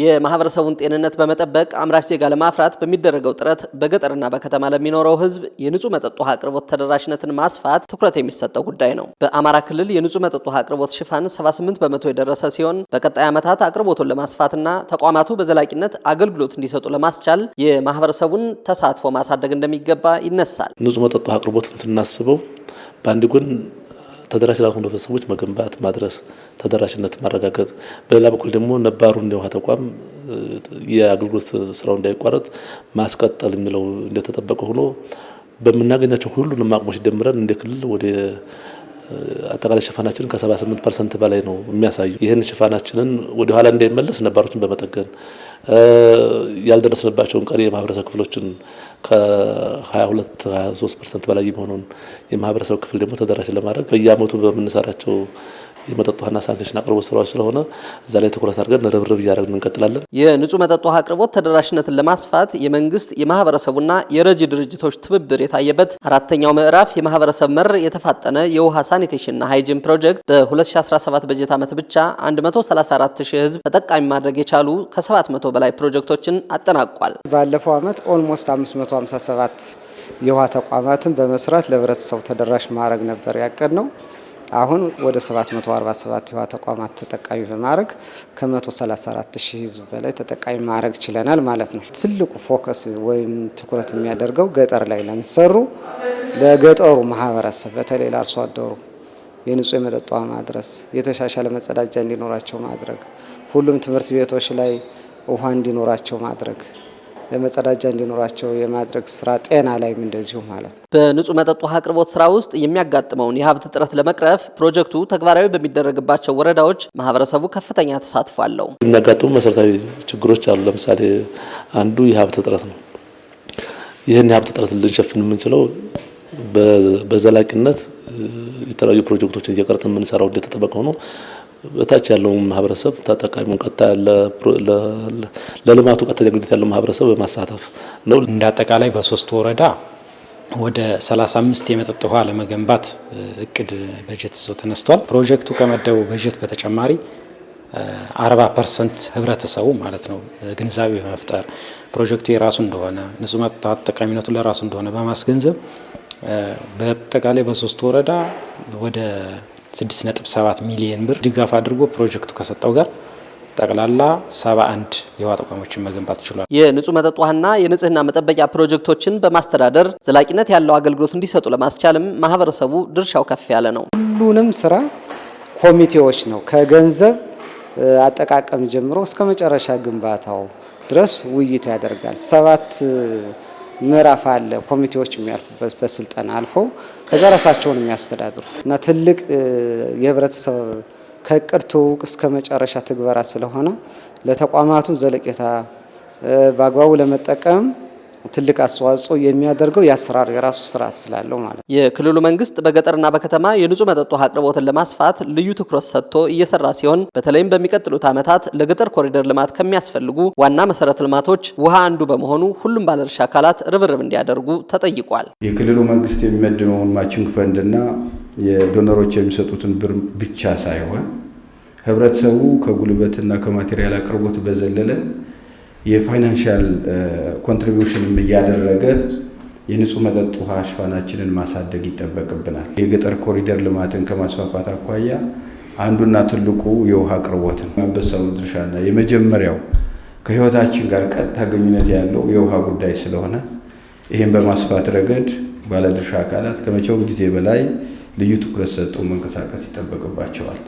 የማህበረሰቡን ጤንነት በመጠበቅ አምራች ዜጋ ለማፍራት በሚደረገው ጥረት በገጠርና በከተማ ለሚኖረው ህዝብ የንጹህ መጠጥ ውሃ አቅርቦት ተደራሽነትን ማስፋት ትኩረት የሚሰጠው ጉዳይ ነው። በአማራ ክልል የንጹህ መጠጥ ውሃ አቅርቦት ሽፋን 78 በመቶ የደረሰ ሲሆን በቀጣይ ዓመታት አቅርቦቱን ለማስፋትና ተቋማቱ በዘላቂነት አገልግሎት እንዲሰጡ ለማስቻል የማህበረሰቡን ተሳትፎ ማሳደግ እንደሚገባ ይነሳል። ንጹህ መጠጥ ውሃ አቅርቦትን ስናስበው በአንድ ጎን ተደራሽ ላልሆኑ ህብረተሰቦች መገንባት፣ ማድረስ፣ ተደራሽነት ማረጋገጥ፣ በሌላ በኩል ደግሞ ነባሩን የውሃ ተቋም የአገልግሎት ስራው እንዳይቋረጥ ማስቀጠል የሚለው እንደተጠበቀ ሆኖ በምናገኛቸው ሁሉንም አቅሞች ደምረን እንደ ክልል ወደ አጠቃላይ ሽፋናችንን ከ78 ፐርሰንት በላይ ነው የሚያሳዩ። ይህን ሽፋናችንን ወደኋላ እንዳይመለስ ነባሮችን በመጠገን ያልደረስንባቸውን ቀሪ የማህበረሰብ ክፍሎችን ከ22 23 ፐርሰንት በላይ የሚሆነውን የማህበረሰብ ክፍል ደግሞ ተደራሽ ለማድረግ በየአመቱ በምንሰራቸው የመጠጥ ውሃና ሳኒቴሽን አቅርቦት ስራዎች ስለሆነ እዛ ላይ ትኩረት አድርገን ርብርብ እያደረግን እንቀጥላለን። የንጹህ መጠጥ ውሃ አቅርቦት ተደራሽነትን ለማስፋት የመንግስት የማህበረሰቡና የረጂ ድርጅቶች ትብብር የታየበት አራተኛው ምዕራፍ የማህበረሰብ መር የተፋጠነ የውሃ ሳኒቴሽንና ሃይጂን ፕሮጀክት በ2017 በጀት ዓመት ብቻ 134 ሺህ ህዝብ ተጠቃሚ ማድረግ የቻሉ ከ700 በላይ ፕሮጀክቶችን አጠናቋል። ባለፈው ዓመት ኦልሞስት 557 የውሃ ተቋማትን በመስራት ለህብረተሰቡ ተደራሽ ማድረግ ነበር ያቀድ ነው። አሁን ወደ 747 የውሃ ተቋማት ተጠቃሚ በማድረግ ከ134 ሺህ ህዝብ በላይ ተጠቃሚ ማድረግ ችለናል ማለት ነው። ትልቁ ፎከስ ወይም ትኩረት የሚያደርገው ገጠር ላይ ለሚሰሩ ለገጠሩ ማህበረሰብ በተለይ ለአርሶ አደሩ የንጹህ የመጠጥ ውሃ ማድረስ፣ የተሻሻለ መጸዳጃ እንዲኖራቸው ማድረግ፣ ሁሉም ትምህርት ቤቶች ላይ ውሃ እንዲኖራቸው ማድረግ መጸዳጃ እንዲኖራቸው የማድረግ ስራ ጤና ላይም እንደዚሁ ማለት ነው። በንጹህ መጠጥ ውሃ አቅርቦት ስራ ውስጥ የሚያጋጥመውን የሀብት እጥረት ለመቅረፍ ፕሮጀክቱ ተግባራዊ በሚደረግባቸው ወረዳዎች ማህበረሰቡ ከፍተኛ ተሳትፎ አለው። የሚያጋጥሙ መሰረታዊ ችግሮች አሉ። ለምሳሌ አንዱ የሀብት እጥረት ነው። ይህን የሀብት እጥረት ልንሸፍን የምንችለው በዘላቂነት የተለያዩ ፕሮጀክቶችን እየቀረጽን የምንሰራው እንደተጠበቀ ሆኖ በታች ያለውን ማህበረሰብ ተጠቃሚውን ቀጥታ ለልማቱ ቀጥተኛ ግዴታ ያለው ማህበረሰብ በማሳተፍ ነው። እንደ አጠቃላይ በሶስት ወረዳ ወደ 35 የመጠጥ ውሃ ለመገንባት እቅድ በጀት ይዞ ተነስቷል። ፕሮጀክቱ ከመደበው በጀት በተጨማሪ 40 ፐርሰንት ህብረተሰቡ ማለት ነው ግንዛቤ በመፍጠር ፕሮጀክቱ የራሱ እንደሆነ ንጹህ መጠጥ ተጠቃሚነቱ ለራሱ እንደሆነ በማስገንዘብ በአጠቃላይ በሶስት ወረዳ ወደ 6.7 ሚሊዮን ብር ድጋፍ አድርጎ ፕሮጀክቱ ከሰጠው ጋር ጠቅላላ 71 የውሃ ተቋሞችን መገንባት ችሏል። የንጹህ መጠጥ ውሃና የንጽህና መጠበቂያ ፕሮጀክቶችን በማስተዳደር ዘላቂነት ያለው አገልግሎት እንዲሰጡ ለማስቻልም ማህበረሰቡ ድርሻው ከፍ ያለ ነው። ሁሉንም ስራ ኮሚቴዎች ነው ከገንዘብ አጠቃቀም ጀምሮ እስከ መጨረሻ ግንባታው ድረስ ውይይት ያደርጋል። ሰባት ምዕራፍ አለ። ኮሚቴዎች የሚያልፉበት በስልጠና አልፈው ከዛ ራሳቸውን የሚያስተዳድሩት እና ትልቅ የህብረተሰብ ከእቅድ ትውውቅ እስከ መጨረሻ ትግበራ ስለሆነ ለተቋማቱ ዘለቄታ በአግባቡ ለመጠቀም ትልቅ አስተዋጽኦ የሚያደርገው የአሰራር የራሱ ስራ ስላለው ማለት ነው። የክልሉ መንግስት በገጠርና በከተማ የንጹህ መጠጥ ውሃ አቅርቦትን ለማስፋት ልዩ ትኩረት ሰጥቶ እየሰራ ሲሆን በተለይም በሚቀጥሉት ዓመታት ለገጠር ኮሪደር ልማት ከሚያስፈልጉ ዋና መሰረተ ልማቶች ውሃ አንዱ በመሆኑ ሁሉም ባለድርሻ አካላት ርብርብ እንዲያደርጉ ተጠይቋል። የክልሉ መንግስት የሚመድነውን ማችንግ ፈንድና የዶነሮች የሚሰጡትን ብር ብቻ ሳይሆን ህብረተሰቡ ከጉልበትና ከማቴሪያል አቅርቦት በዘለለ የፋይናንሻል ኮንትሪቢሽንም እያደረገ የንጹህ መጠጥ ውሃ ሽፋናችንን ማሳደግ ይጠበቅብናል። የገጠር ኮሪደር ልማትን ከማስፋፋት አኳያ አንዱና ትልቁ የውሃ አቅርቦት ነው። ድርሻና የመጀመሪያው ከህይወታችን ጋር ቀጥታ ግንኙነት ያለው የውሃ ጉዳይ ስለሆነ ይህም በማስፋት ረገድ ባለድርሻ አካላት ከመቼውም ጊዜ በላይ ልዩ ትኩረት ሰጥተው መንቀሳቀስ ይጠበቅባቸዋል።